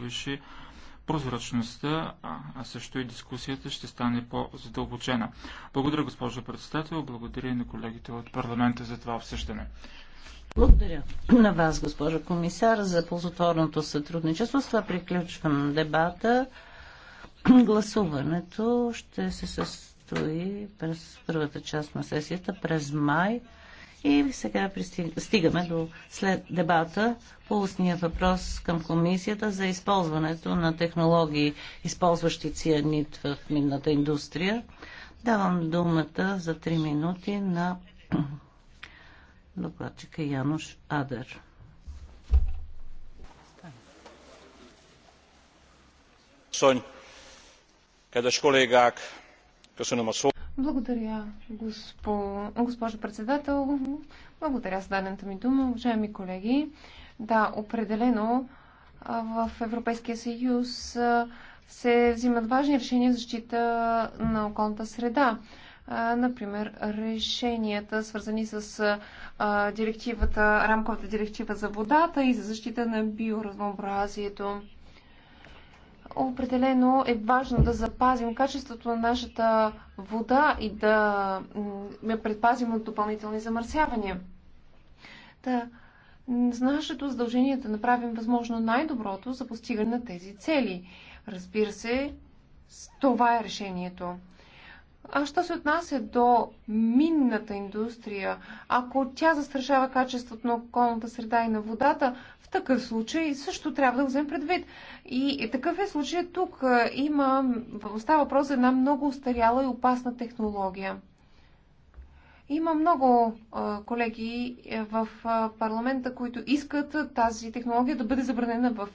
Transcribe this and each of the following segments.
повиши прозрачността, а също и дискусията ще стане по-задълбочена. Благодаря, госпожо председател, благодаря и на колегите от парламента за това обсъждане. Благодаря на вас, госпожо комисар, за ползотворното сътрудничество. С това приключвам дебата. Гласуването ще се състои през първата част на сесията през май. И сега стигаме до след дебата по устния въпрос към комисията за използването на технологии, използващи цианид в минната индустрия. Давам думата за 3 минути на докладчика Януш Адер. Kedves kollégák, köszönöm a szót. Благодаря, госпо... госпожо председател. Благодаря за дадената ми дума. Уважаеми колеги, да, определено в Европейския съюз се взимат важни решения в защита на околната среда. Например, решенията, свързани с директивата, рамковата директива за водата и за защита на биоразнообразието. Определено е важно да запазим качеството на нашата вода и да я предпазим от допълнителни замърсявания. Та, с нашето задължение е да направим възможно най-доброто за постигане на тези цели. Разбира се, това е решението. А що се отнася до минната индустрия, ако тя застрашава качеството на околната среда и на водата, в такъв случай също трябва да го вземем предвид. И такъв е случай тук. Има, става въпрос за една много устаряла и опасна технология. Има много колеги е, в парламента, които искат тази технология да бъде забранена в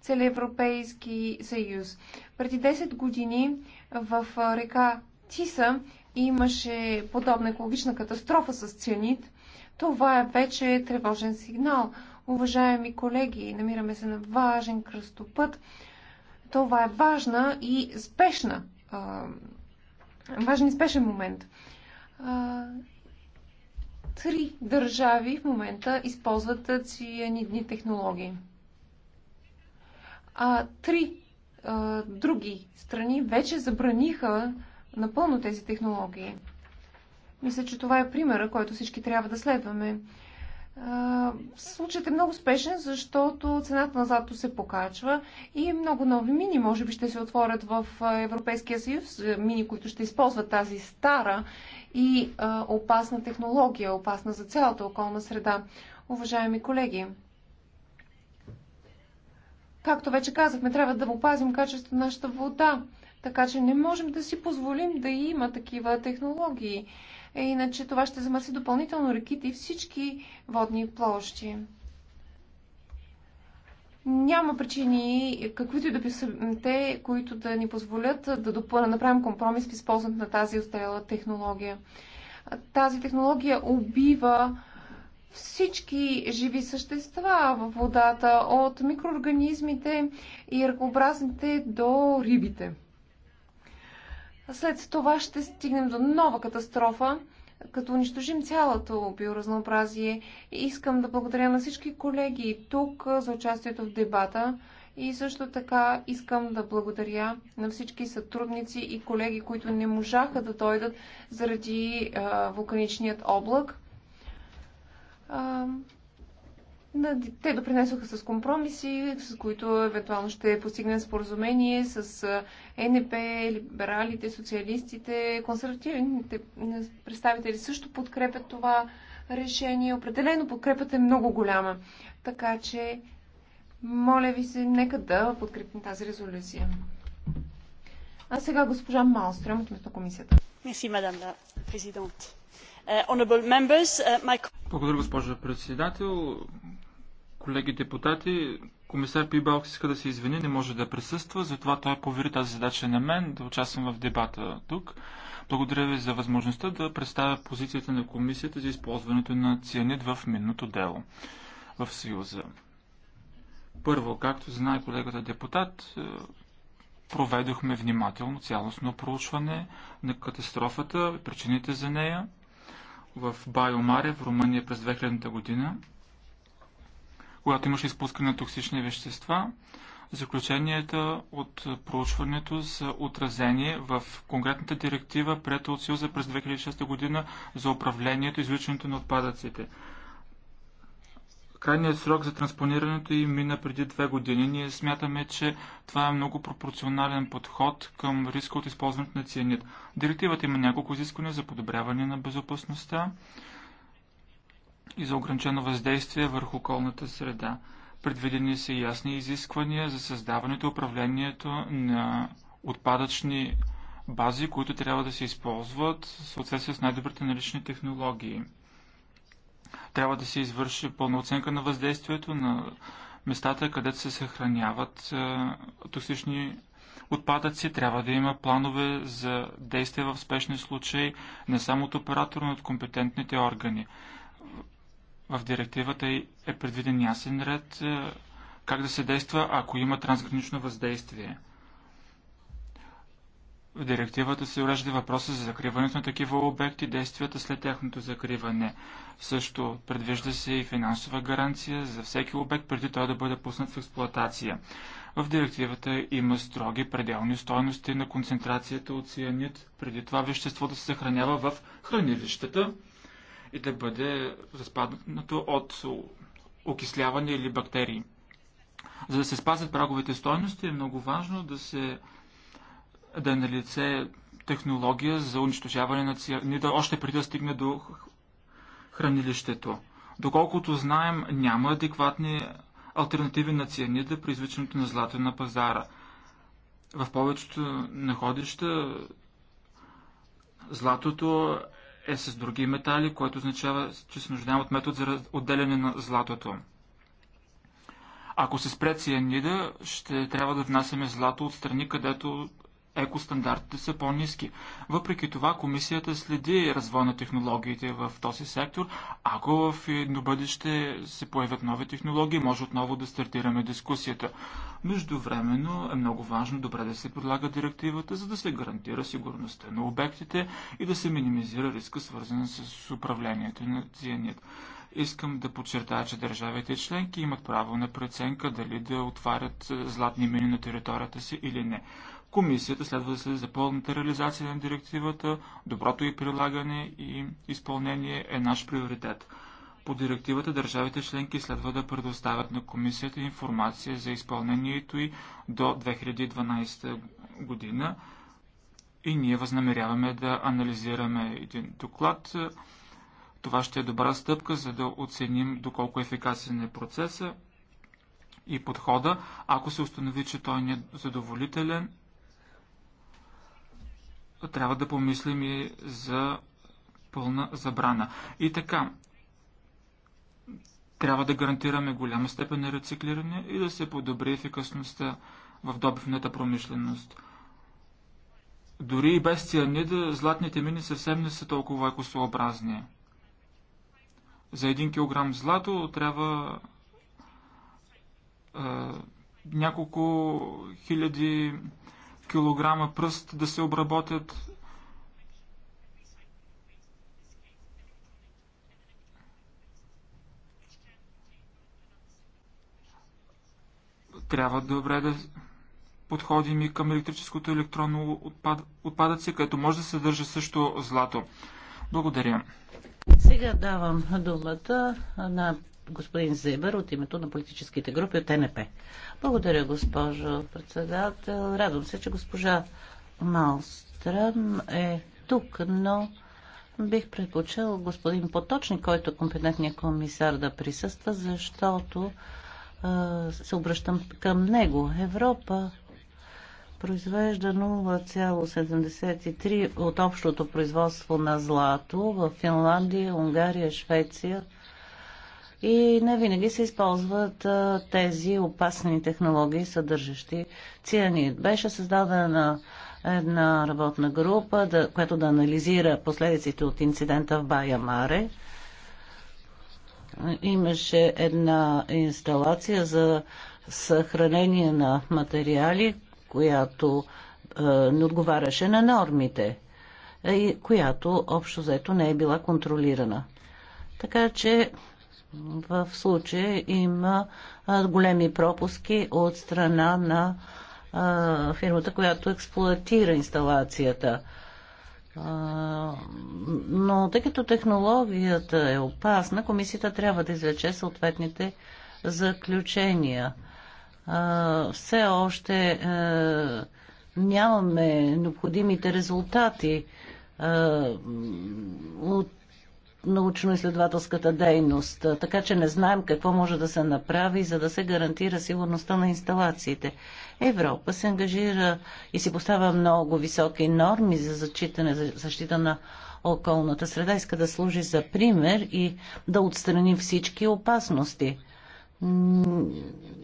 целия Европейски съюз. Преди 10 години в река Тиса имаше подобна екологична катастрофа с цианид. Това е вече тревожен сигнал. Уважаеми колеги, намираме се на важен кръстопът. Това е важна и спешна, а, важен и спешен момент. А, три държави в момента използват цианидни технологии. А три а, други страни вече забраниха напълно тези технологии. Мисля, че това е примера, който всички трябва да следваме. Случаят е много спешен, защото цената на злато се покачва и много нови мини може би ще се отворят в Европейския съюз, мини, които ще използват тази стара и опасна технология, опасна за цялата околна среда. Уважаеми колеги, както вече казахме, трябва да опазим качеството на нашата вода. Така че не можем да си позволим да има такива технологии. Е, иначе това ще замърси допълнително реките и всички водни площи. Няма причини, каквито и да те, които да ни позволят да допълна, направим компромис в използването на тази остарела технология. Тази технология убива всички живи същества в водата, от микроорганизмите и ръкообразните до рибите. След това ще стигнем до нова катастрофа, като унищожим цялото биоразнообразие. Искам да благодаря на всички колеги тук за участието в дебата и също така искам да благодаря на всички сътрудници и колеги, които не можаха да дойдат заради а, вулканичният облак. А, те допринесоха с компромиси, с които евентуално ще постигнем споразумение с НП, либералите, социалистите, консервативните представители също подкрепят това решение. Определено подкрепата е много голяма. Така че, моля ви се, нека да подкрепим тази резолюция. А сега госпожа Малстрем от местна на комисията. Мерси, мадам президент. Е, е, Благодаря, госпожо председател. Колеги депутати, комисар Пибалк иска да се извини, не може да присъства, затова той повери тази задача на мен да участвам в дебата тук. Благодаря ви за възможността да представя позицията на комисията за използването на цианид в минното дело в Съюза. Първо, както знае колегата депутат, е, проведохме внимателно цялостно проучване на катастрофата и причините за нея в Байомаре в Румъния през 2000 година когато имаше изпускане на токсични вещества. Заключенията от проучването са отразени в конкретната директива, прета от Силза през 2006 година за управлението и извличането на отпадъците. Крайният срок за транспонирането им мина преди две години. Ние смятаме, че това е много пропорционален подход към риска от използването на цианид. Директивата има няколко изисквания за подобряване на безопасността, и за ограничено въздействие върху околната среда. Предвидени са ясни изисквания за създаването и управлението на отпадъчни бази, които трябва да се използват в съответствие с най-добрите налични технологии. Трябва да се извърши пълна оценка на въздействието на местата, където се съхраняват е, токсични отпадъци. Трябва да има планове за действие в спешни случаи не само от оператора, но от компетентните органи. В директивата е предвиден ясен ред е, как да се действа, ако има трансгранично въздействие. В директивата се урежда въпроса за закриването на такива обекти, действията след тяхното закриване. Също предвижда се и финансова гаранция за всеки обект, преди той да бъде пуснат в експлоатация. В директивата има строги пределни стоености на концентрацията от цианид, преди това вещество да се съхранява в хранилищата и да бъде разпаднато от окисляване или бактерии. За да се спазят праговите стойности е много важно да се да е на лице технология за унищожаване на цианида още преди да стигне до хранилището. Доколкото знаем, няма адекватни альтернативи на цианида при извличането на злато на пазара. В повечето находища златото е с други метали, което означава, че се нуждаем от метод за отделяне на златото. Ако се спре цианида, ще трябва да внасяме злато от страни, където екостандартите са по-низки. Въпреки това, комисията следи развой на технологиите в този сектор. Ако в едно бъдеще се появят нови технологии, може отново да стартираме дискусията. Междувременно е много важно добре да се предлага директивата, за да се гарантира сигурността на обектите и да се минимизира риска, свързан с управлението на цианид. Искам да подчертая, че държавите членки имат право на преценка дали да отварят е, златни мини на територията си или не. Комисията следва да следи за пълната реализация на директивата, доброто и прилагане и изпълнение е наш приоритет. По директивата държавите членки следва да предоставят на комисията информация за изпълнението й до 2012 година и ние възнамеряваме да анализираме един доклад. Това ще е добра стъпка, за да оценим доколко ефикасен е процеса и подхода. Ако се установи, че той не е задоволителен, трябва да помислим и за пълна забрана. И така, трябва да гарантираме голяма степен на рециклиране и да се подобри ефикасността в добивната промишленост. Дори и без цианида, златните мини съвсем не са толкова екосообразни. За един килограм злато трябва е, няколко хиляди килограма пръст да се обработят. Трябва добре да подходим и към електрическото електронно отпад... отпадъци, където може да се държа също злато. Благодаря. Сега давам думата на господин Зебър от името на политическите групи от НП. Благодаря, госпожо председател. Радвам се, че госпожа Малстрам е тук, но бих предпочел господин Поточник, който е компетентният комисар да присъства, защото е, се обръщам към него. Европа произвежда 0,73 от общото производство на злато в Финландия, Унгария, Швеция – и не винаги се използват а, тези опасни технологии, съдържащи цианид. Беше създадена една работна група, да, която да анализира последиците от инцидента в Бая Маре. Имаше една инсталация за съхранение на материали, която а, не отговаряше на нормите, и която общо заето не е била контролирана. Така че в случая има големи пропуски от страна на фирмата, която експлуатира инсталацията. Но тъй като технологията е опасна, комисията трябва да излече съответните заключения. Все още нямаме необходимите резултати от научно-изследователската дейност. Така че не знаем какво може да се направи, за да се гарантира сигурността на инсталациите. Европа се ангажира и си поставя много високи норми за зачитане, за защита на околната среда. Иска да служи за пример и да отстрани всички опасности.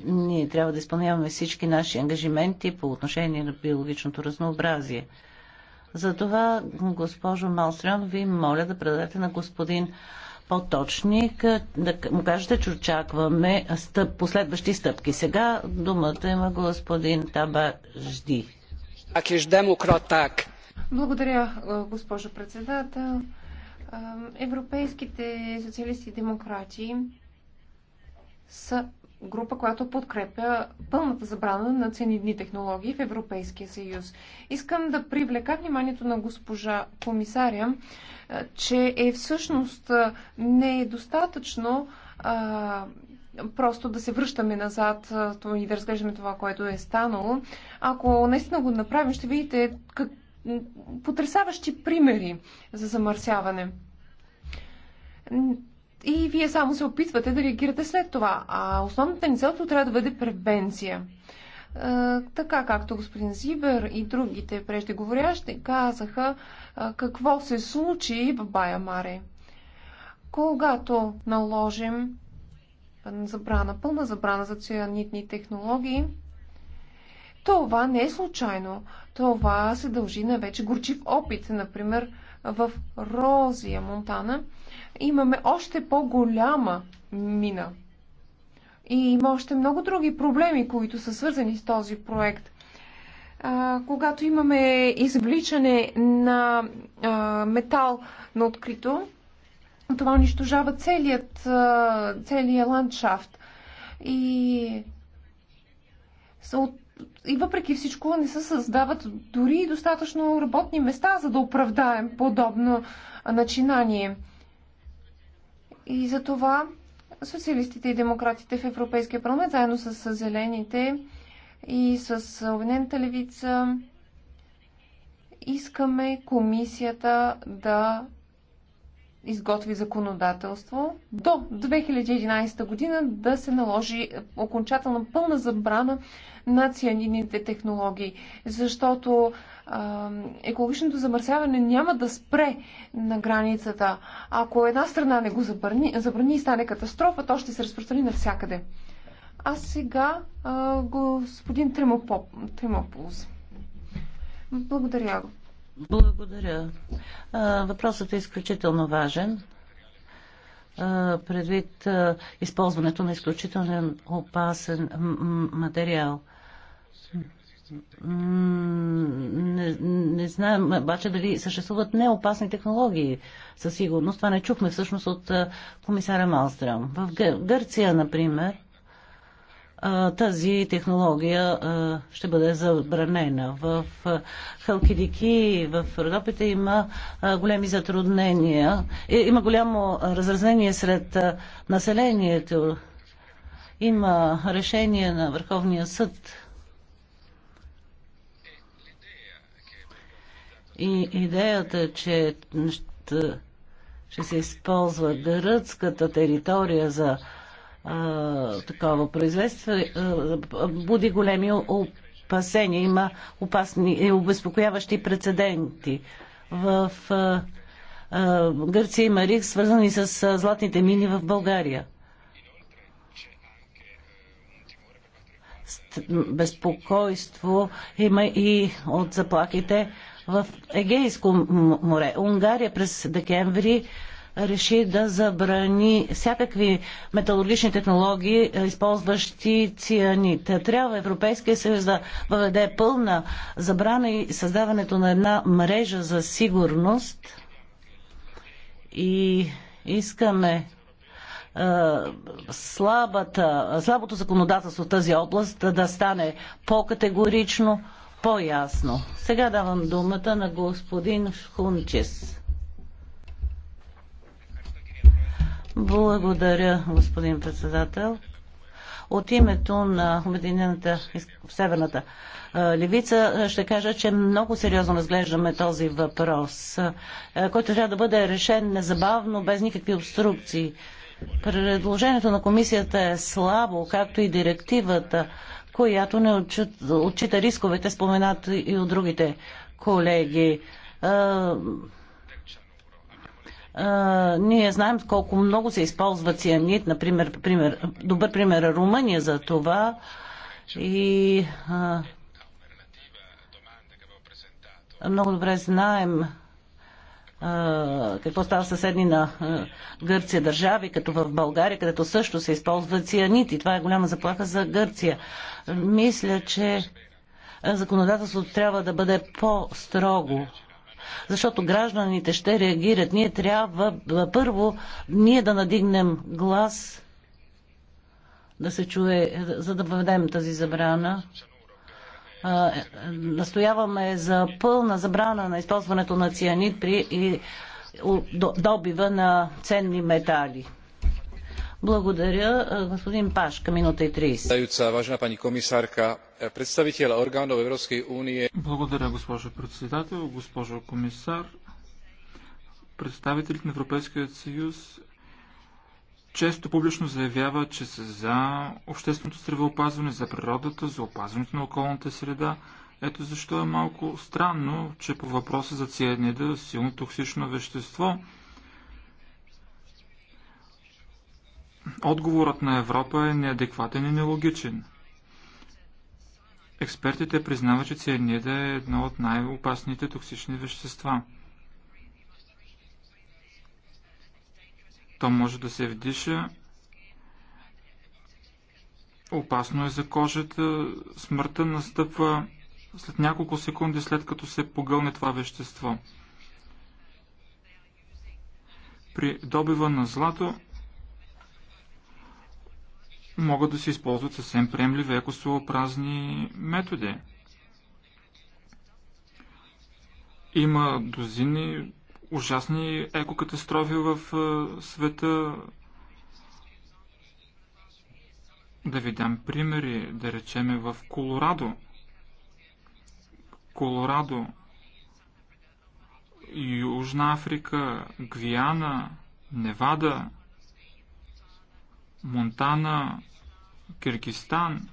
Ние трябва да изпълняваме всички наши ангажименти по отношение на биологичното разнообразие. Затова, госпожо Малстрион, ви моля да предадете на господин Поточник, да му кажете, че очакваме стъп, последващи стъпки. Сега думата има господин Табажди. Благодаря, госпожо председател. Европейските социалисти и демократи са група, която подкрепя пълната забрана на ценидни технологии в Европейския съюз. Искам да привлека вниманието на госпожа комисаря, че е всъщност не е достатъчно а, просто да се връщаме назад и да разглеждаме това, което е станало. Ако наистина го направим, ще видите как... потрясаващи примери за замърсяване и вие само се опитвате да реагирате след това. А основната ни цел е трябва да бъде превенция. А, е, така както господин Зибер и другите преждеговорящи казаха а, е, какво се случи в Бая Маре. Когато наложим забрана, пълна забрана за цианитни технологии, това не е случайно. Това се дължи на вече горчив опит, например, в Розия, е Монтана, имаме още по-голяма мина. И има още много други проблеми, които са свързани с този проект. А, когато имаме извличане на а, метал на открито, това унищожава целият, а, целият ландшафт. И от и въпреки всичко не се създават дори достатъчно работни места, за да оправдаем подобно начинание. И за това социалистите и демократите в Европейския парламент, заедно с зелените и с Обединената левица, искаме комисията да изготви законодателство до 2011 година да се наложи окончателна пълна забрана на цианидните технологии, защото а, екологичното замърсяване няма да спре на границата. Ако една страна не го забрани, забрани и стане катастрофа, то ще се разпространи навсякъде. А сега а, господин Тремополз. Благодаря го. Благодаря. Въпросът е изключително важен предвид използването на изключително опасен материал. Не, не знам обаче дали съществуват неопасни технологии. Със сигурност това не чухме всъщност от комисара Малстрам. В Гърция, например, тази технология ще бъде забранена. В Халкидики, в Родопите има големи затруднения. Има голямо разразнение сред населението. Има решение на Върховния съд И идеята, че ще, ще се използва гръцката територия за а, такова производство, е, буди големи опасения. Има опасни и обезпокояващи прецеденти. В а, а, Гърция има риск, свързани с а, златните мини в България. безпокойство има и от заплахите в Егейско море. Унгария през декември реши да забрани всякакви металургични технологии, използващи цианид. Трябва Европейския съюз да въведе пълна забрана и създаването на една мрежа за сигурност. И искаме слабата, слабото законодателство в тази област да стане по-категорично, по-ясно. Сега давам думата на господин Хунчес. Благодаря, господин председател. От името на Обединената Северната левица ще кажа, че много сериозно разглеждаме този въпрос, който трябва да бъде решен незабавно, без никакви обструкции. Предложението на комисията е слабо, както и директивата която не отчита, отчита рисковете, споменат и от другите колеги. ние знаем колко много се използва цианид, например, пример, добър пример е Румъния за това. И а, много добре знаем какво става съседни на Гърция държави, като в България, където също се използва цианит и това е голяма заплаха за Гърция. Мисля, че законодателството трябва да бъде по-строго защото гражданите ще реагират. Ние трябва първо ние да надигнем глас, да се чуе, за да въведем тази забрана настояваме за пълна забрана на използването на цианид при и добива на ценни метали. Благодаря. Господин Пашка, минута и 30. Важна пани комисарка, представителя органов Европейской унии. Благодаря, госпожо председател, госпожо комисар. представители на Европейския съюз често публично заявява, че са за общественото здравеопазване, за природата, за опазването на околната среда. Ето защо е малко странно, че по въпроса за цианида, силно токсично вещество, отговорът на Европа е неадекватен и нелогичен. Експертите признават, че цианида е едно от най-опасните токсични вещества – То може да се вдиша. Опасно е за кожата. Смъртта настъпва след няколко секунди след като се погълне това вещество. При добива на злато могат да се използват съвсем приемливи екосообразни методи. Има дозини ужасни екокатастрофи в е, света. Да ви дам примери, да речеме в Колорадо. Колорадо, Южна Африка, Гвиана, Невада, Монтана, Киргистан,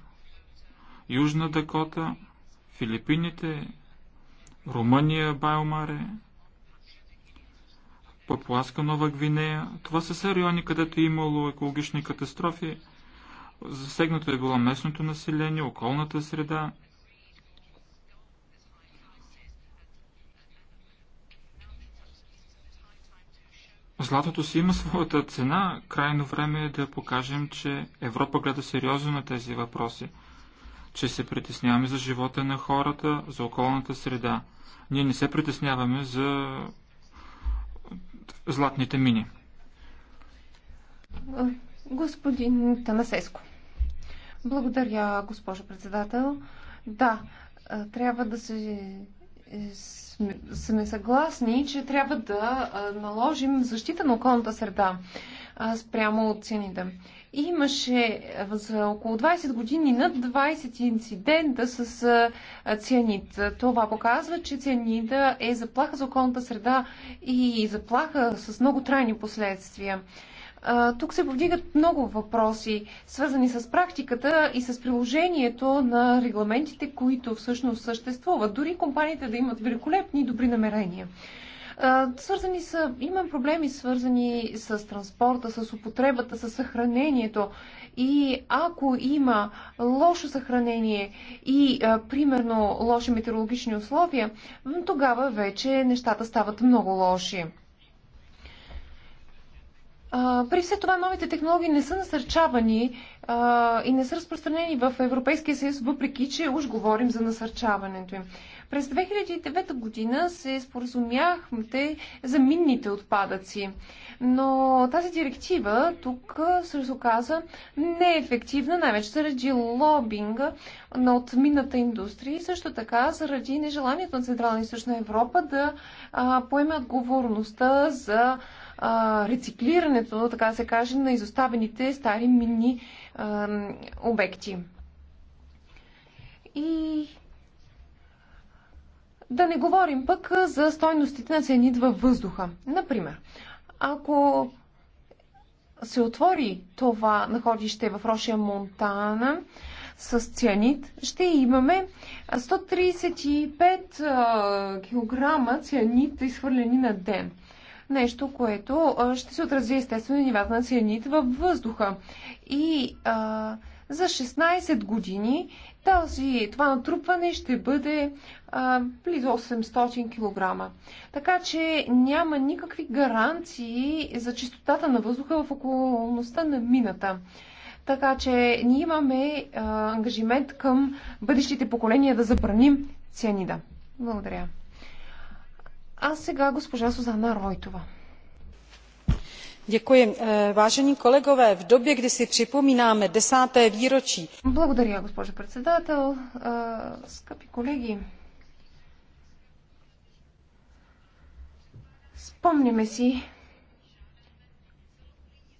Южна Дакота, Филипините, Румъния, Байомаре. Папуаска Нова Гвинея. Това са се райони, където е имало екологични катастрофи. Засегнато е било местното население, околната среда. Златото си има своята цена. Крайно време е да покажем, че Европа гледа сериозно на тези въпроси, че се притесняваме за живота на хората, за околната среда. Ние не се притесняваме за златните мини. Господин Танасеско. Благодаря, госпожо председател. Да, трябва да се е, сме съгласни, че трябва да наложим защита на околната среда спрямо от цените. Имаше за около 20 години над 20 инцидента с цианид. Това показва, че цианида е заплаха за околната среда и заплаха с много трайни последствия. Тук се повдигат много въпроси, свързани с практиката и с приложението на регламентите, които всъщност съществуват. Дори компаниите да имат великолепни и добри намерения. Свързани са, Имам проблеми свързани с транспорта, с употребата, с съхранението. И ако има лошо съхранение и, а, примерно, лоши метеорологични условия, тогава вече нещата стават много лоши. А, при все това новите технологии не са насърчавани а, и не са разпространени в Европейския съюз, въпреки че уж говорим за насърчаването им. През 2009 година се споразумяхме за минните отпадъци, но тази директива тук се оказа неефективна, най-вече заради лобинга от минната индустрия и също така заради нежеланието на Централна и Същна Европа да а, поеме отговорността за а, рециклирането, така се каже, на изоставените стари минни а, обекти. И да не говорим пък за стойностите на цените във въздуха. Например, ако се отвори това находище в Рошия Монтана с цианит, ще имаме 135 кг цианит изхвърлени на ден. Нещо, което ще се отрази естествено нивата на цианит във въздуха. И а, за 16 години тази, това натрупване ще бъде а, близо 800 кг. Така че няма никакви гаранции за чистотата на въздуха в околността на мината. Така че ние имаме а, ангажимент към бъдещите поколения да забраним цианида. Благодаря. А сега госпожа Сузана Ройтова. Eh, v době kdy si připomínáme desáté výročí Благодаря, госпожо председател. Е, скъпи колеги, спомняме си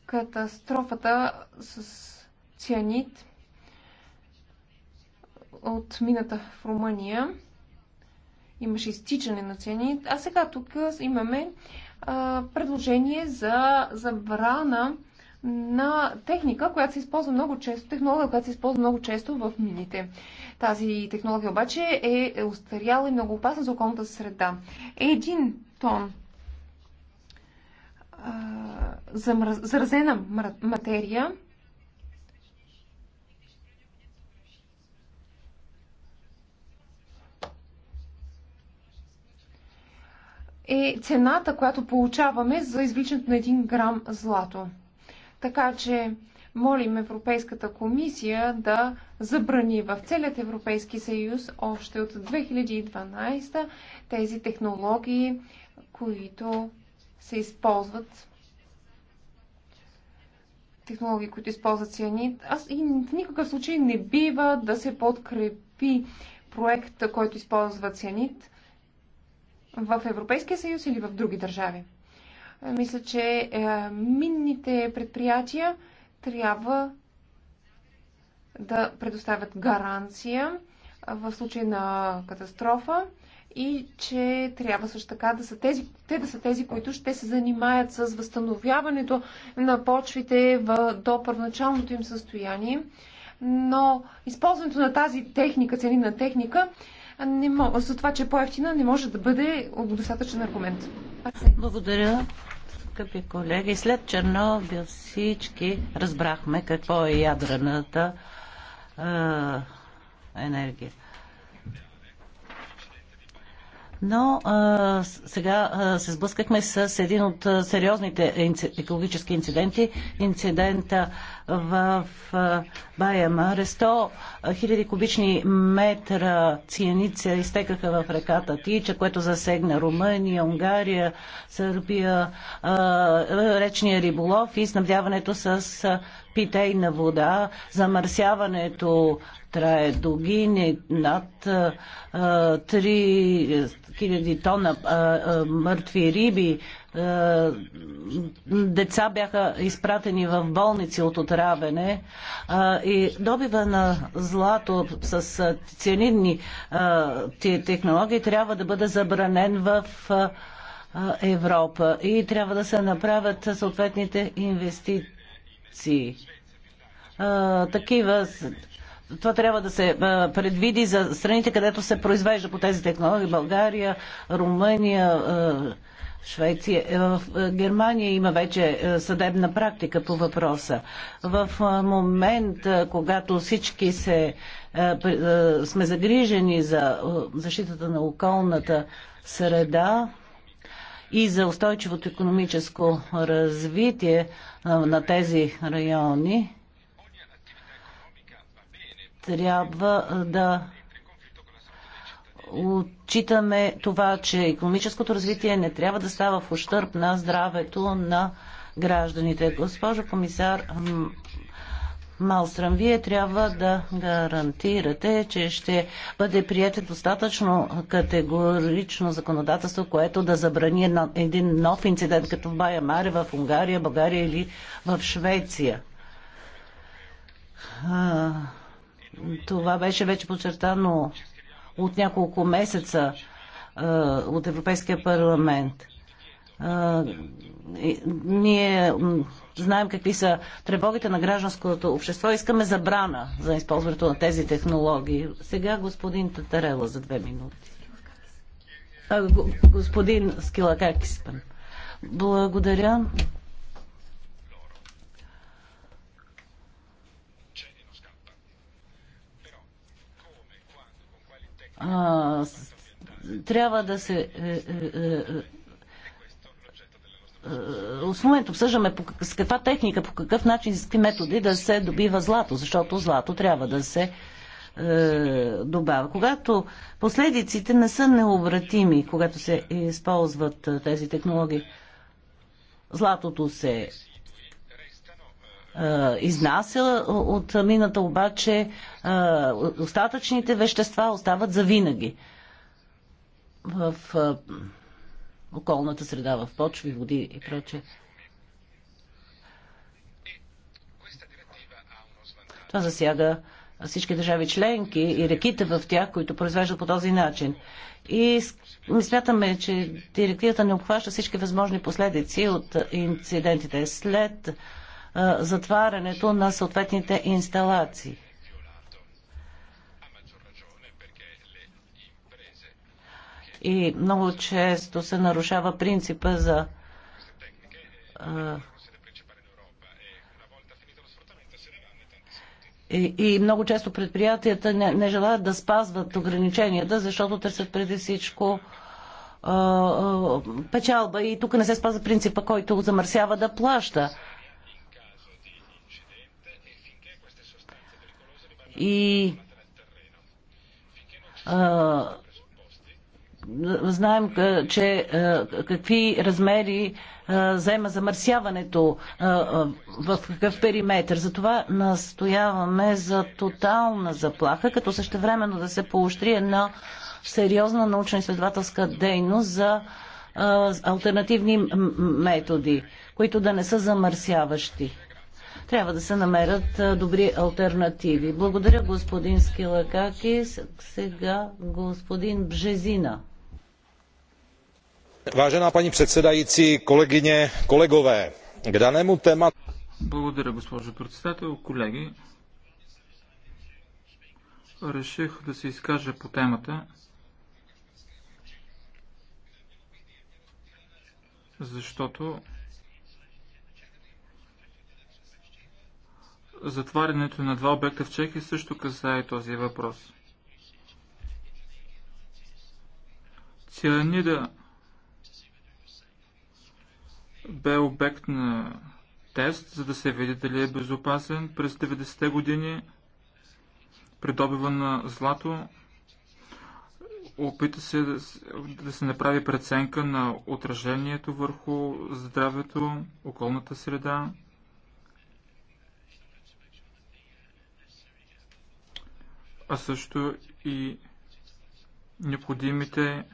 катастрофата с цианид от мината в Румъния. Имаше изтичане на цианид, а сега тук имаме предложение за забрана на техника, която се използва много често, технология, която се използва много често в мините. Тази технология обаче е устаряла и много опасна за околната среда. Един тон а, замраз, заразена материя е цената, която получаваме за извличането на 1 грам злато. Така че молим Европейската комисия да забрани в целият Европейски съюз още от 2012 тези технологии, които се използват технологии, които използват цианид. Аз и в никакъв случай не бива да се подкрепи проект, който използва цианид в Европейския съюз или в други държави. Е, мисля, че е, минните предприятия трябва да предоставят гаранция е, в случай на катастрофа и че трябва също така да са тези, те да са тези, които ще се занимаят с възстановяването на почвите в, до първоначалното им състояние. Но използването на тази техника, целинна техника, не мога, за това, че е по-ефтина, не може да бъде достатъчен аргумент. Благодаря, скъпи колеги. След Чернобил всички разбрахме какво е ядрената а, енергия. Но а, сега а, се сблъскахме с един от а, сериозните инци... екологически инциденти. Инцидента в а, Баяма. Ресто хиляди кубични метра цианица изтекаха в реката Тича, което засегна Румъния, Унгария, Сърбия, а, речния риболов и снабдяването с а, питейна вода, замърсяването трае догини над а, 3000 тона а, а, мъртви риби. А, деца бяха изпратени в болници от отравене а, и добива на злато с цианидни технологии трябва да бъде забранен в а, Европа и трябва да се направят съответните инвестиции санкции. А, такива. Това трябва да се а, предвиди за страните, където се произвежда по тези технологии. България, Румъния, а, Швеция. Е, в Германия има вече съдебна практика по въпроса. В момент, когато всички се, сме загрижени за защитата на околната среда, и за устойчивото економическо развитие на тези райони, трябва да отчитаме това, че економическото развитие не трябва да става в ущърп на здравето на гражданите. Госпожо комисар Малстрам, вие трябва да гарантирате, че ще бъде прието достатъчно категорично законодателство, което да забрани един нов инцидент, като в Бая Маре, в Унгария, България или в Швеция. Това беше вече подчертано от няколко месеца от Европейския парламент. А, ние знаем какви са тревогите на гражданското общество. Искаме забрана за използването на тези технологии. Сега господин Татарела за две минути. А, господин Скилакакис. Благодаря. А, трябва да се е, е, е, е, в момента обсъждаме по, с каква техника, по какъв начин, с какви методи да се добива злато, защото злато трябва да се е, добавя. Когато последиците не са необратими, когато се използват е, тези технологии, златото се е, изнася от мината, обаче остатъчните вещества остават завинаги. В околната среда в почви, води и прочее. Това засяга всички държави членки и реките в тях, които произвеждат по този начин. И смятаме, че директивата не обхваща всички възможни последици от инцидентите след затварянето на съответните инсталации. и много често се нарушава принципа за и, и много често предприятията не, не желаят да спазват ограниченията, защото търсят преди всичко а, печалба и тук не се спазва принципа, който замърсява да плаща. И а, знаем, че какви размери взема замърсяването в какъв периметр. Затова настояваме за тотална заплаха, като същевременно да се поощри една сериозна научно-изследователска дейност за альтернативни методи, които да не са замърсяващи. Трябва да се намерят добри альтернативи. Благодаря господин Скилакакис. Сега господин Бжезина paní předsedající kolegyně kolegové k danému tématu. Благодаря, госпожо председател. Колеги, реших да се изкажа по темата, защото затварянето на два обекта в Чехия също касае този въпрос бе обект на тест, за да се види дали е безопасен през 90-те години придобива на злато. Опита се да се направи преценка на отражението върху здравето, околната среда. а също и необходимите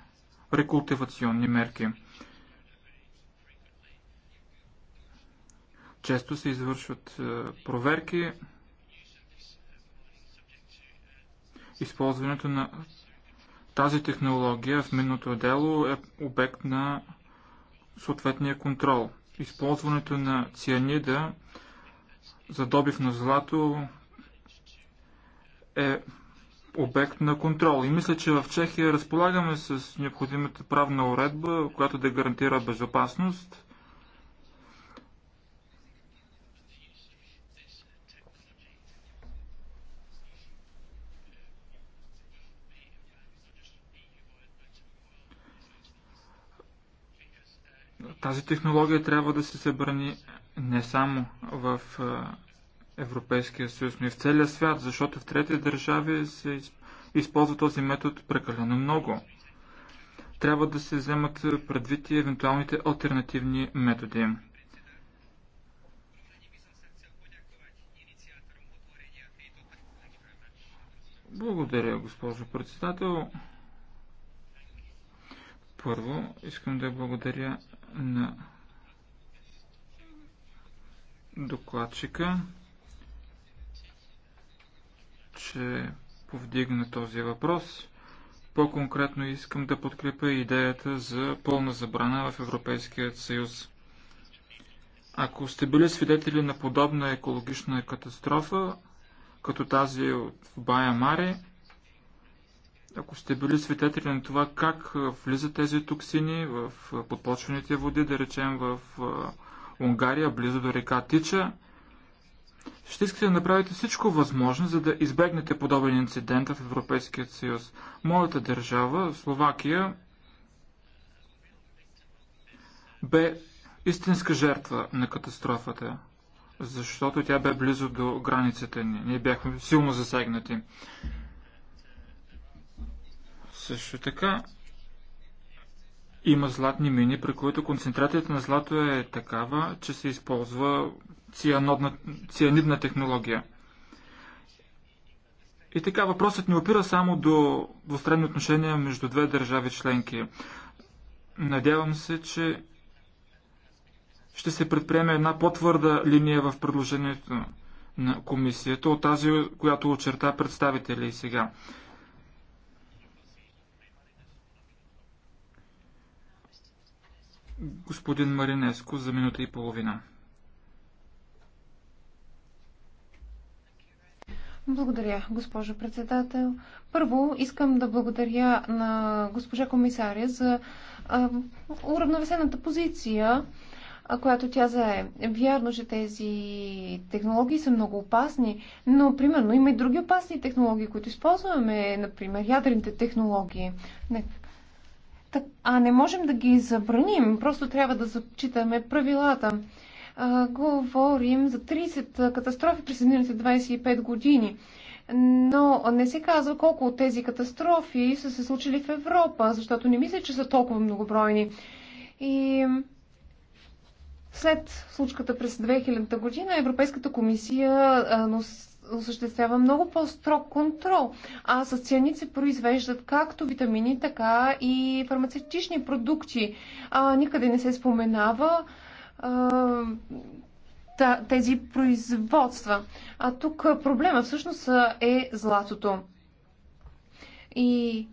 рекултивационни мерки. Често се извършват е, проверки. Използването на тази технология в минното дело е обект на съответния контрол. Използването на цианида за добив на злато е обект на контрол. И мисля, че в Чехия разполагаме с необходимата правна уредба, която да гарантира безопасност Тази технология трябва да се събрани не само в Европейския съюз, но и в целия свят, защото в трети държави се използва този метод прекалено много. Трябва да се вземат предвид и евентуалните альтернативни методи. Благодаря, госпожо председател. Първо, искам да благодаря на докладчика, че повдигна този въпрос. По-конкретно искам да подкрепя идеята за пълна забрана в Европейския съюз. Ако сте били свидетели на подобна екологична катастрофа, като тази в Бая Маре, ако сте били свидетели на това как влизат тези токсини в подпочвените води, да речем в Унгария, близо до река Тича, ще искате да направите всичко възможно, за да избегнете подобен инцидент в Европейския съюз. Моята държава, Словакия, бе истинска жертва на катастрофата, защото тя бе близо до границата ни. Ние бяхме силно засегнати. Също така има златни мини, при които концентрацията на злато е такава, че се използва цианодна, цианидна технология. И така, въпросът не опира само до двустранни отношения между две държави членки. Надявам се, че ще се предприеме една по-твърда линия в предложението на комисията от тази, която очерта представители сега. господин Маринеско за минута и половина. Благодаря, госпожо председател. Първо искам да благодаря на госпожа комисаря за а, уравновесената позиция, а, която тя зае. Вярно, че тези технологии са много опасни, но примерно има и други опасни технологии, които използваме, например ядрените технологии. Не, а не можем да ги забраним. Просто трябва да зачитаме правилата. А, говорим за 30 катастрофи през 25 години. Но не се казва колко от тези катастрофи са се случили в Европа, защото не мисля, че са толкова многобройни. И след случката през 2000 година Европейската комисия осъществява много по-строг контрол. А с цианид се произвеждат както витамини, така и фармацевтични продукти. А, никъде не се споменава а, тези производства. А тук проблема всъщност е златото. И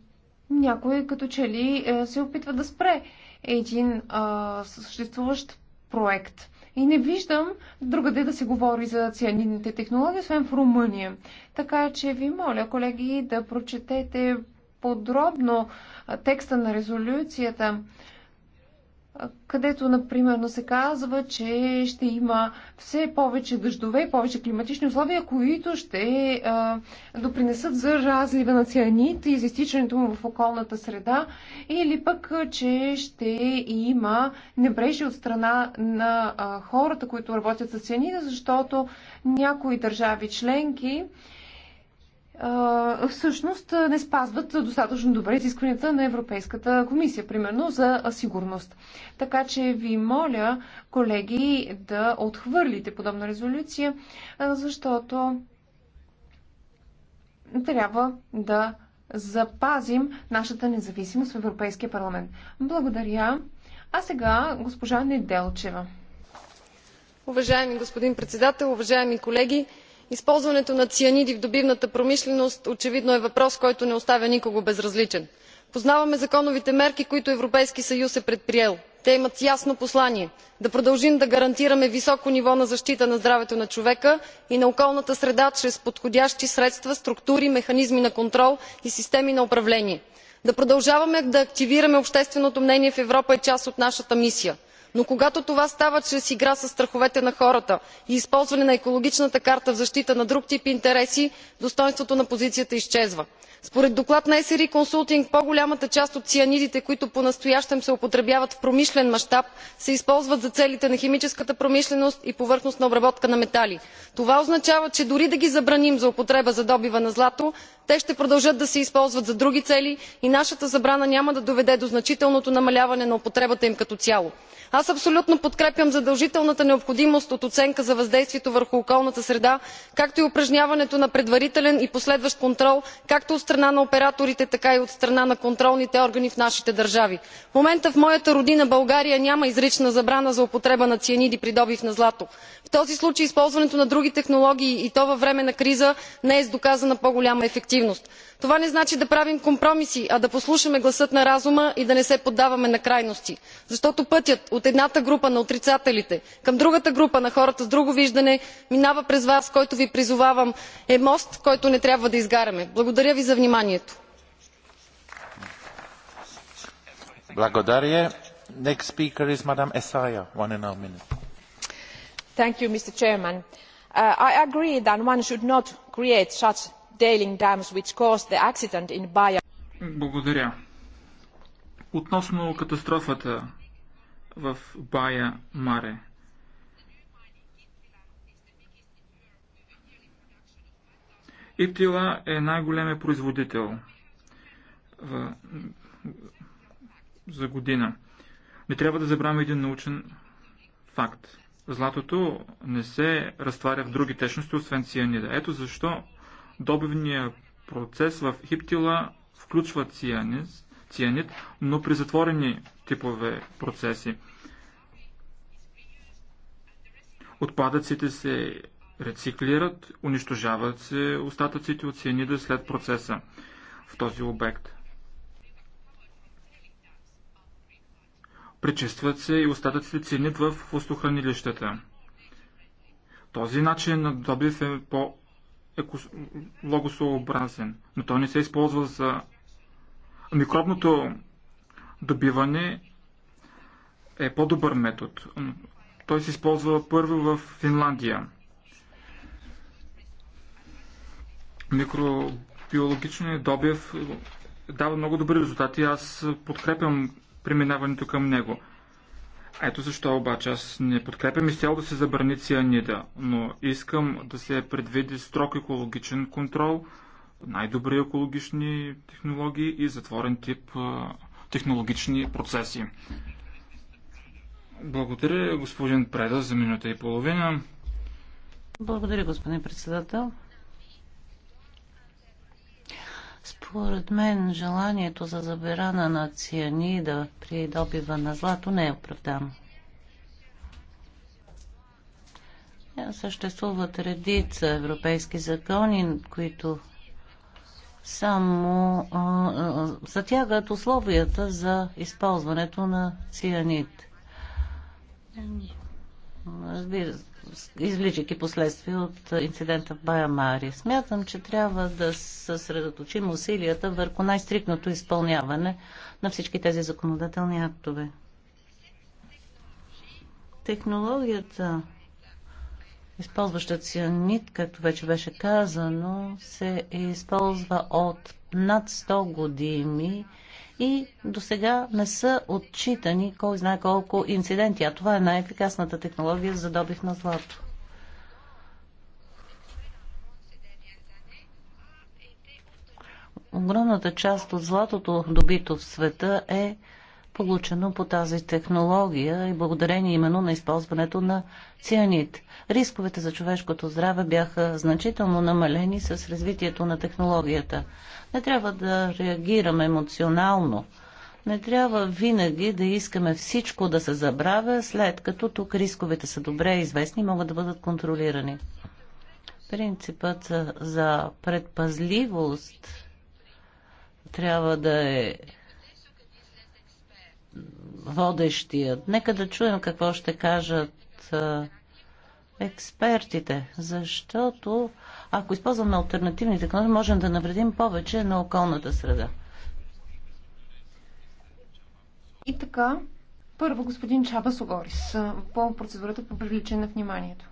някой като че ли е, се опитва да спре един а, съществуващ проект. И не виждам другаде да се говори за цианидните технологии, освен в Румъния. Така че ви моля, колеги, да прочетете подробно текста на резолюцията където, например, се казва, че ще има все повече дъждове, повече климатични условия, които ще а, допринесат за разлива на цианит и за изтичането му в околната среда, или пък, че ще има небрежи от страна на а, хората, които работят с цианита, защото някои държави членки всъщност не спазват достатъчно добре изискванията на Европейската комисия, примерно за сигурност. Така че ви моля, колеги, да отхвърлите подобна резолюция, защото трябва да запазим нашата независимост в Европейския парламент. Благодаря. А сега госпожа Неделчева. Уважаеми господин председател, уважаеми колеги, използването на цианиди в добивната промишленост очевидно е въпрос който не оставя никого безразличен. познаваме законовите мерки които европейският съюз е предприел. те имат ясно послание да продължим да гарантираме високо ниво на защита на здравето на човека и на околната среда чрез подходящи средства структури механизми на контрол и системи на управление. да продължаваме да активираме общественото мнение в европа е част от нашата мисия но когато това става чрез игра със страховете на хората и използване на екологичната карта в защита на друг тип интереси достойнството на позицията изчезва. според доклад на sri консултинг по голямата част от цианидите които понастоящем се употребяват в промишлен мащаб се използват за целите на химическата промишленост и повърхностна обработка на метали. това означава че дори да ги забраним за употреба за добива на злато те ще продължат да се използват за други цели и нашата забрана няма да доведе до значителното намаляване на употребата им като цяло. аз абсолютно подкрепям задължителната необходимост от оценка за въздействието върху околната среда както и упражняването на предварителен и последващ контрол както от страна на операторите така и от страна на контролните органи в нашите държави. в момента в моята родина българия няма изрична забрана за употреба на цианиди при добив на злато. в този случай използването на други технологии и то във време на криза не е с доказана по голяма ефективност ефективност. това не значи да правим компромиси а да послушаме гласа на разума и да не се поддаваме на крайности защото пътят от едната група на отрицателите към другата група на хората с друго виждане минава през вас който ви призовавам е мост който не трябва да изгаряме. благодаря ви за вниманието. Uh, i agree that one should not create such tailing dams which caused the accident in Благодаря. Относно катастрофата в Бая Маре. Иптила е най-големия производител в... за година. Не трябва да забравяме един научен факт. Златото не се разтваря в други течности, освен цианида. Ето защо Добивния процес в Хиптила включва цианиз, цианид, но при затворени типове процеси. Отпадъците се рециклират, унищожават се остатъците от цианида след процеса в този обект. Пречистват се и остатъците цианид в устохранилищата. Този начин на добив е по екологосообразен, но той не се използва за микробното добиване е по-добър метод. Той се използва първо в Финландия. Микробиологичният добив дава много добри резултати. Аз подкрепям преминаването към него. Ето защо обаче аз не подкрепям изцяло да се забрани цианида, но искам да се предвиди строг екологичен контрол, най-добри екологични технологии и затворен тип технологични процеси. Благодаря господин Преда за минута и половина. Благодаря господин председател. Според мен желанието за забирана на цианида при добива на злато не е оправдано. Е, съществуват редица европейски закони, които само а, а, затягат условията за използването на цианид. Разбира се, извличайки последствия от инцидента в Баямари. Смятам, че трябва да съсредоточим усилията върху най-стрикното изпълняване на всички тези законодателни актове. Технологията, използваща цианид, както вече беше казано, се използва от над 100 години и до сега не са отчитани кой знае колко инциденти, а това е най-ефикасната технология за добив на злато. Огромната част от златото добито в света е получено по тази технология и благодарение именно на използването на цианид. Рисковете за човешкото здраве бяха значително намалени с развитието на технологията. Не трябва да реагираме емоционално. Не трябва винаги да искаме всичко да се забравя, след като тук рисковете са добре известни и могат да бъдат контролирани. Принципът за предпазливост трябва да е водещият. Нека да чуем какво ще кажат експертите, защото ако използваме альтернативни технологии, можем да навредим повече на околната среда. И така, първо господин Чаба Согорис по процедурата по привличане на вниманието.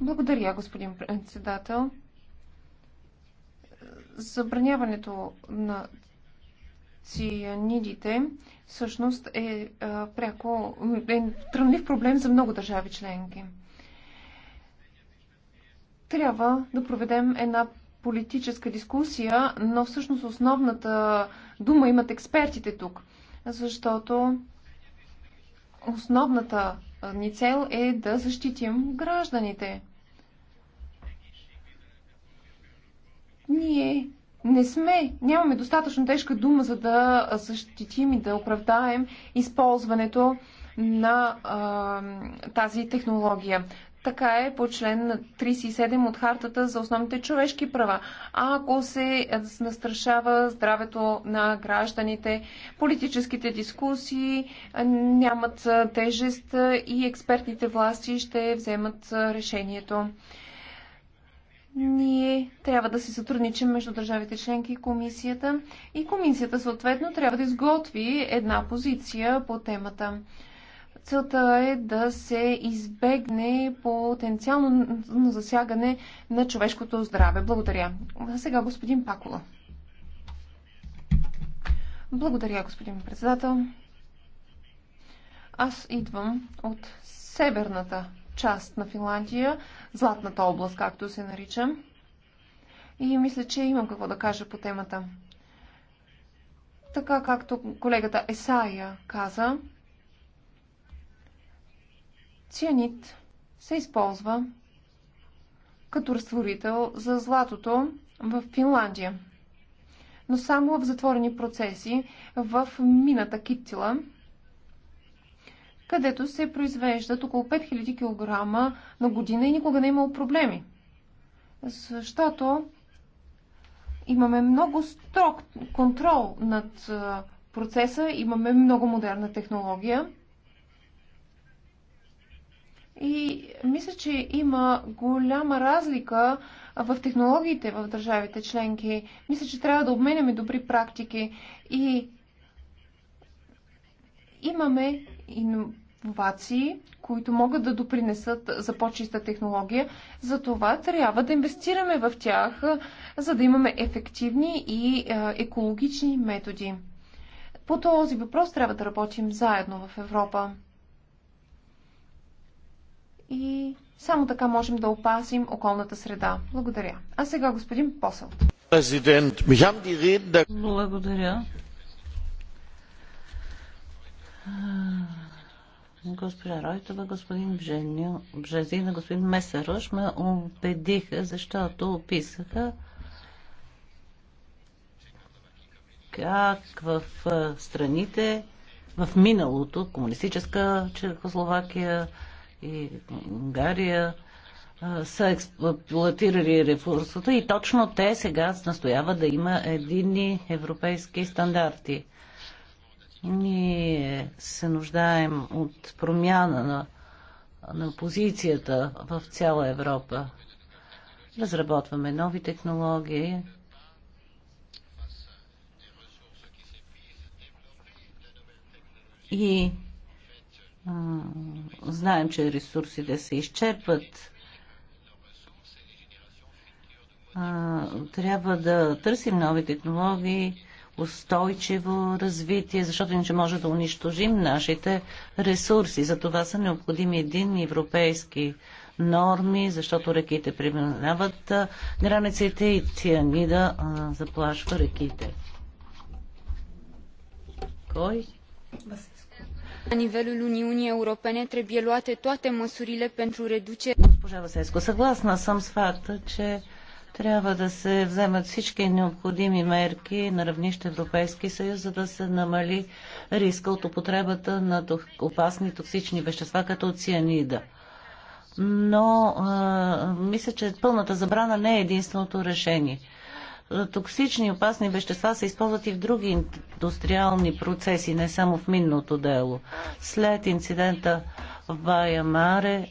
Благодаря, господин председател. Забраняването на цианидите всъщност е а, пряко е тръмлив проблем за много държави членки. Трябва да проведем една политическа дискусия, но всъщност основната дума имат експертите тук, защото основната ни цел е да защитим гражданите. ние не сме, нямаме достатъчно тежка дума, за да защитим и да оправдаем използването на а, тази технология. Така е по член 37 от Хартата за основните човешки права. А ако се настрашава здравето на гражданите, политическите дискусии нямат тежест и експертните власти ще вземат решението ние трябва да си сътрудничим между държавите членки и комисията. И комисията съответно трябва да изготви една позиция по темата. Целта е да се избегне потенциално засягане на човешкото здраве. Благодаря. А сега господин Пакола. Благодаря, господин председател. Аз идвам от северната част на Финландия, Златната област, както се нарича. И мисля, че имам какво да кажа по темата. Така както колегата Есая каза, цианит се използва като разтворител за златото в Финландия. Но само в затворени процеси в мината Киттила – където се произвеждат около 5000 кг на година и никога не е имало проблеми. Защото имаме много строг контрол над процеса, имаме много модерна технология. И мисля, че има голяма разлика в технологиите в държавите членки. Мисля, че трябва да обменяме добри практики и имаме иновации, които могат да допринесат за по-чиста технология. За това трябва да инвестираме в тях, за да имаме ефективни и е, екологични методи. По този въпрос трябва да работим заедно в Европа. И само така можем да опасим околната среда. Благодаря. А сега господин Посълт. Благодаря. Госпожа Ройтова, господин Бженил, Бжезина, господин Месарош ме убедиха, защото описаха как в страните в миналото, комунистическа Чехословакия и Унгария, са експлуатирали ресурсата и точно те сега настояват да има единни европейски стандарти. Ние се нуждаем от промяна на, на позицията в цяла Европа. Разработваме нови технологии, и знаем, че ресурсите се изчерпват. А, трябва да търсим нови технологии, устойчиво развитие, защото иначе може да унищожим нашите ресурси. За това са необходими един европейски норми, защото реките преминават границите и цианида заплашва реките. Кой? La nivelul Uniunii Europene trebuie luate toate măsurile pentru reducerea. Госпожа Васеско, съгласна съм с факта, че трябва да се вземат всички необходими мерки на равнище Европейски съюз, за да се намали риска от употребата на опасни токсични вещества, като цианида. Но а, мисля, че пълната забрана не е единственото решение токсични опасни вещества се използват и в други индустриални процеси, не само в минното дело. След инцидента в Баямаре, Маре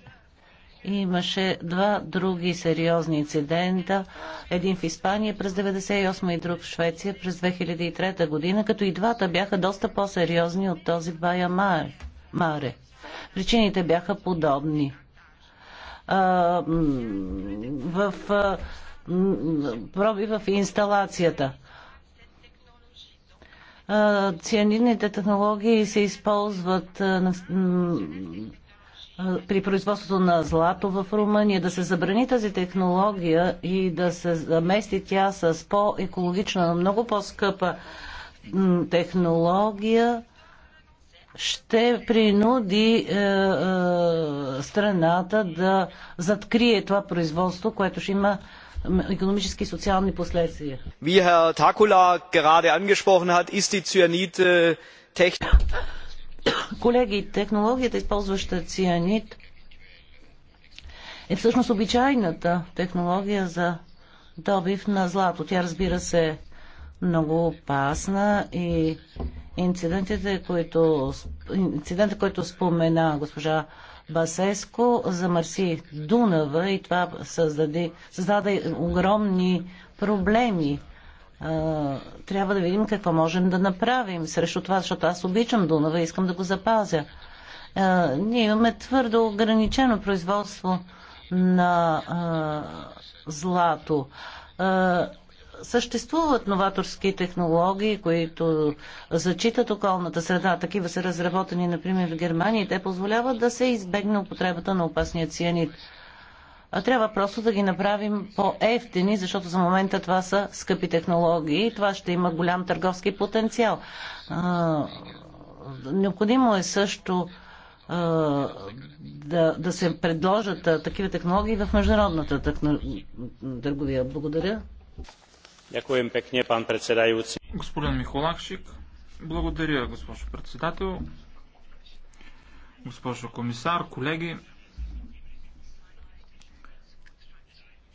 Имаше два други сериозни инцидента. Един в Испания през 1998 и друг в Швеция през 2003 година, като и двата бяха доста по-сериозни от този в Бая Маре. Причините бяха подобни. А, в а, проби в инсталацията. Цианидните технологии се използват при производството на злато в Румъния, да се забрани тази технология и да се замести тя с по-екологична, много по-скъпа технология, ще принуди е, е, страната да заткрие това производство, което ще има економически и социални последствия. Wie Herr Takula gerade angesprochen hat, ist die technik Колеги, технологията, използваща цианид, е всъщност обичайната технология за добив на злато. Тя, разбира се, е много опасна и инцидентите, които, инцидентът, който спомена госпожа Басеско, замърси Дунава и това създаде, създаде огромни проблеми трябва да видим какво можем да направим срещу това, защото аз обичам Дунава и искам да го запазя. Ние имаме твърдо ограничено производство на злато съществуват новаторски технологии, които зачитат околната среда. Такива са разработени, например, в Германия и те позволяват да се избегне употребата на опасния цианид а трябва просто да ги направим по-ефтини, защото за момента това са скъпи технологии и това ще има голям търговски потенциал. Необходимо е също да, да се предложат такива технологии в международната търговия. Благодаря. Ďakujem пекне, пан председайуци. Господин Михолакшик, благодаря, госпожо председател, госпожо комисар, колеги.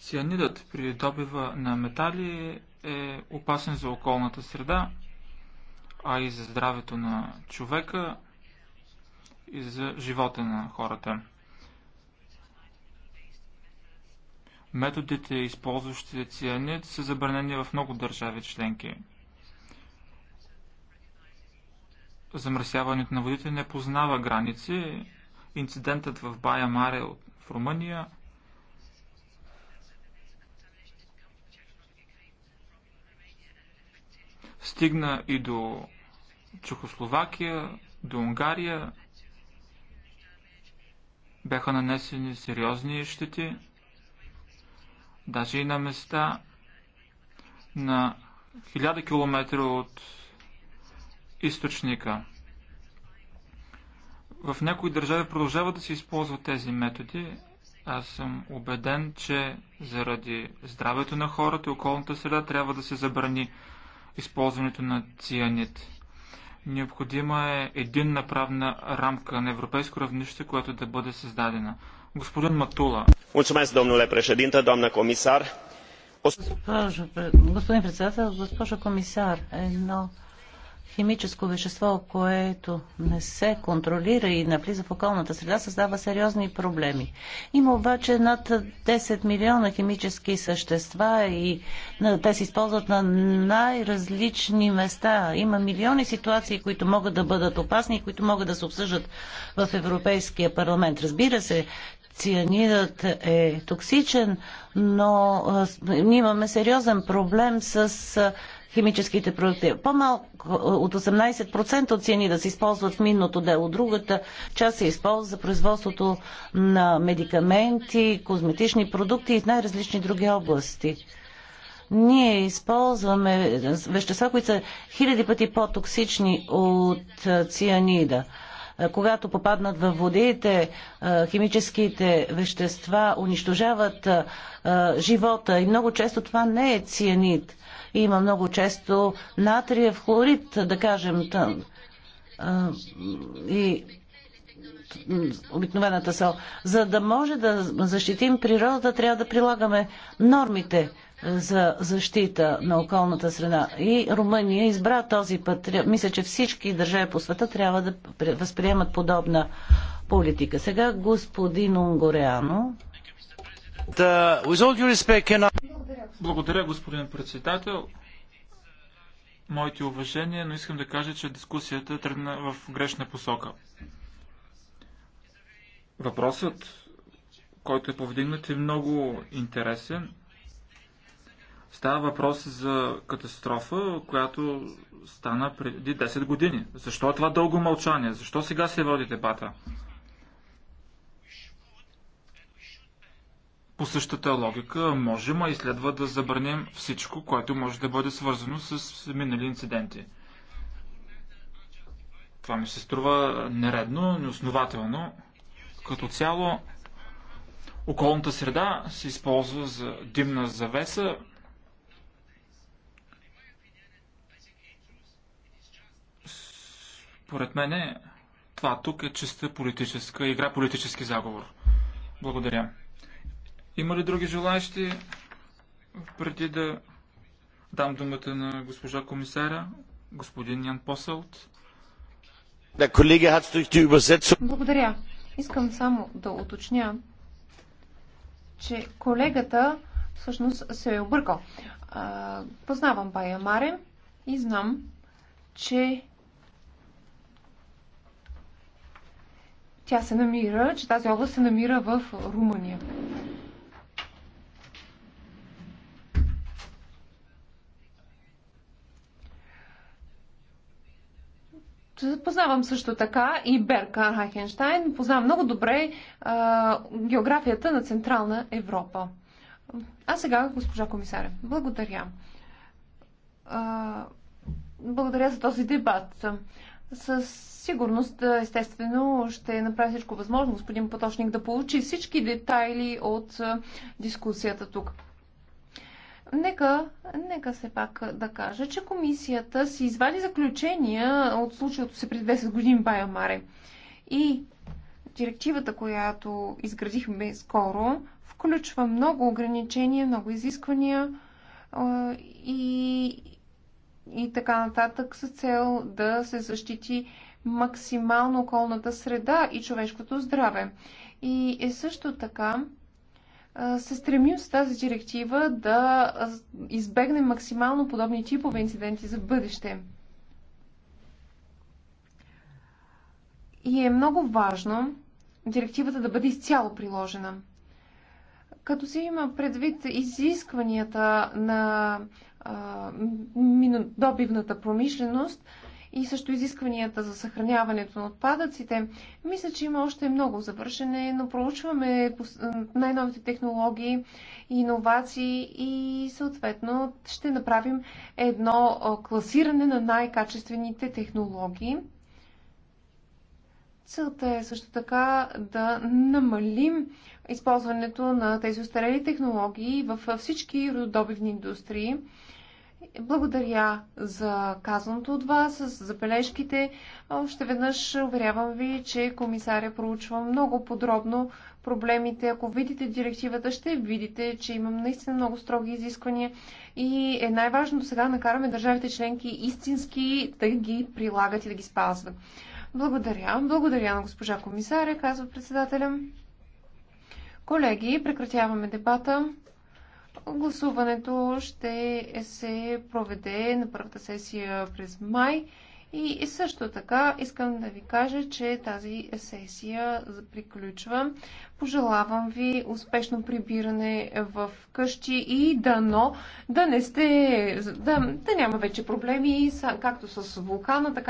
Цианидът при добива на метали е опасен за околната среда, а и за здравето на човека и за живота на хората. Методите, използващи цианид, са забранени в много държави членки. Замърсяването на водите не познава граници. Инцидентът в Бая Маре в Румъния – Стигна и до Чехословакия, до Унгария. Бяха нанесени сериозни щети. Даже и на места на хиляда километра от източника. В някои държави продължават да се използват тези методи. Аз съм убеден, че заради здравето на хората и околната среда трябва да се забрани използването на цианид. Необходима е единна правна рамка на европейско равнище, която да бъде създадена. Господин Матула. Mulțumesc, domnule președinte, домна комисар. Госпожо, господин председател, госпожо комисар, едно химическо вещество, което не се контролира и навлиза в околната среда, създава сериозни проблеми. Има обаче над 10 милиона химически същества и те се използват на най-различни места. Има милиони ситуации, които могат да бъдат опасни и които могат да се обсъждат в Европейския парламент. Разбира се, цианидът е токсичен, но ние имаме сериозен проблем с химическите продукти. По-малко от 18% от да се използват в минното дело. Другата част се използва за производството на медикаменти, козметични продукти и най-различни други области. Ние използваме вещества, които са хиляди пъти по-токсични от цианида когато попаднат във водите, химическите вещества унищожават живота и много често това не е цианид. Има много често натриев хлорид, да кажем, тън. и обикновената сол. За да може да защитим природата, трябва да прилагаме нормите за защита на околната среда. И Румъния избра този път. Мисля, че всички държави по света трябва да възприемат подобна политика. Сега господин Унгореано Uh, Благодаря, господин председател. Моите уважения, но искам да кажа, че дискусията е тръгна в грешна посока. Въпросът, който е повдигнат, е много интересен. Става въпрос за катастрофа, която стана преди 10 години. Защо е това дълго мълчание? Защо сега се води дебата? По същата логика можем, а и следва да забраним всичко, което може да бъде свързано с минали инциденти. Това ми се струва нередно, неоснователно. Като цяло, околната среда се използва за димна завеса. Поред мен това тук е чиста политическа игра, политически заговор. Благодаря. Има ли други желаящи преди да дам думата на госпожа комисаря, господин Ян Посълт? Благодаря. Искам само да уточня, че колегата всъщност се е объркал. познавам Бая Маре и знам, че тя се намира, че тази област се намира в Румъния. Познавам също така и Берка Хайхенштайн. Познавам много добре а, географията на Централна Европа. А сега, госпожа комисаря, благодаря. А, благодаря за този дебат. Със сигурност, естествено, ще направя всичко възможно господин Поточник да получи всички детайли от дискусията тук. Нека, нека се пак да кажа, че комисията си извади заключения от случилото се преди 10 години Баямаре. И директивата, която изградихме скоро, включва много ограничения, много изисквания и, и така нататък с цел да се защити максимално околната среда и човешкото здраве. И е също така се стремим с тази директива да избегнем максимално подобни типове инциденти за бъдеще. И е много важно директивата да бъде изцяло приложена. Като се има предвид изискванията на а, промишленост, и също изискванията за съхраняването на отпадъците. Мисля, че има още много завършене, но проучваме най-новите технологии, и иновации и съответно ще направим едно класиране на най-качествените технологии. Целта е също така да намалим използването на тези устарели технологии във всички рододобивни индустрии. Благодаря за казаното от вас, за бележките. Още веднъж уверявам ви, че комисаря проучва много подробно проблемите. Ако видите директивата, ще видите, че имам наистина много строги изисквания и е най-важното сега да накараме държавите членки истински да ги прилагат и да ги спазват. Благодаря. Благодаря на госпожа комисаря, казва председателя. Колеги, прекратяваме дебата. Гласуването ще се проведе на първата сесия през май. И също така искам да ви кажа, че тази сесия приключва. Пожелавам ви успешно прибиране в къщи и дано да не сте, да, да няма вече проблеми, както с вулкана, така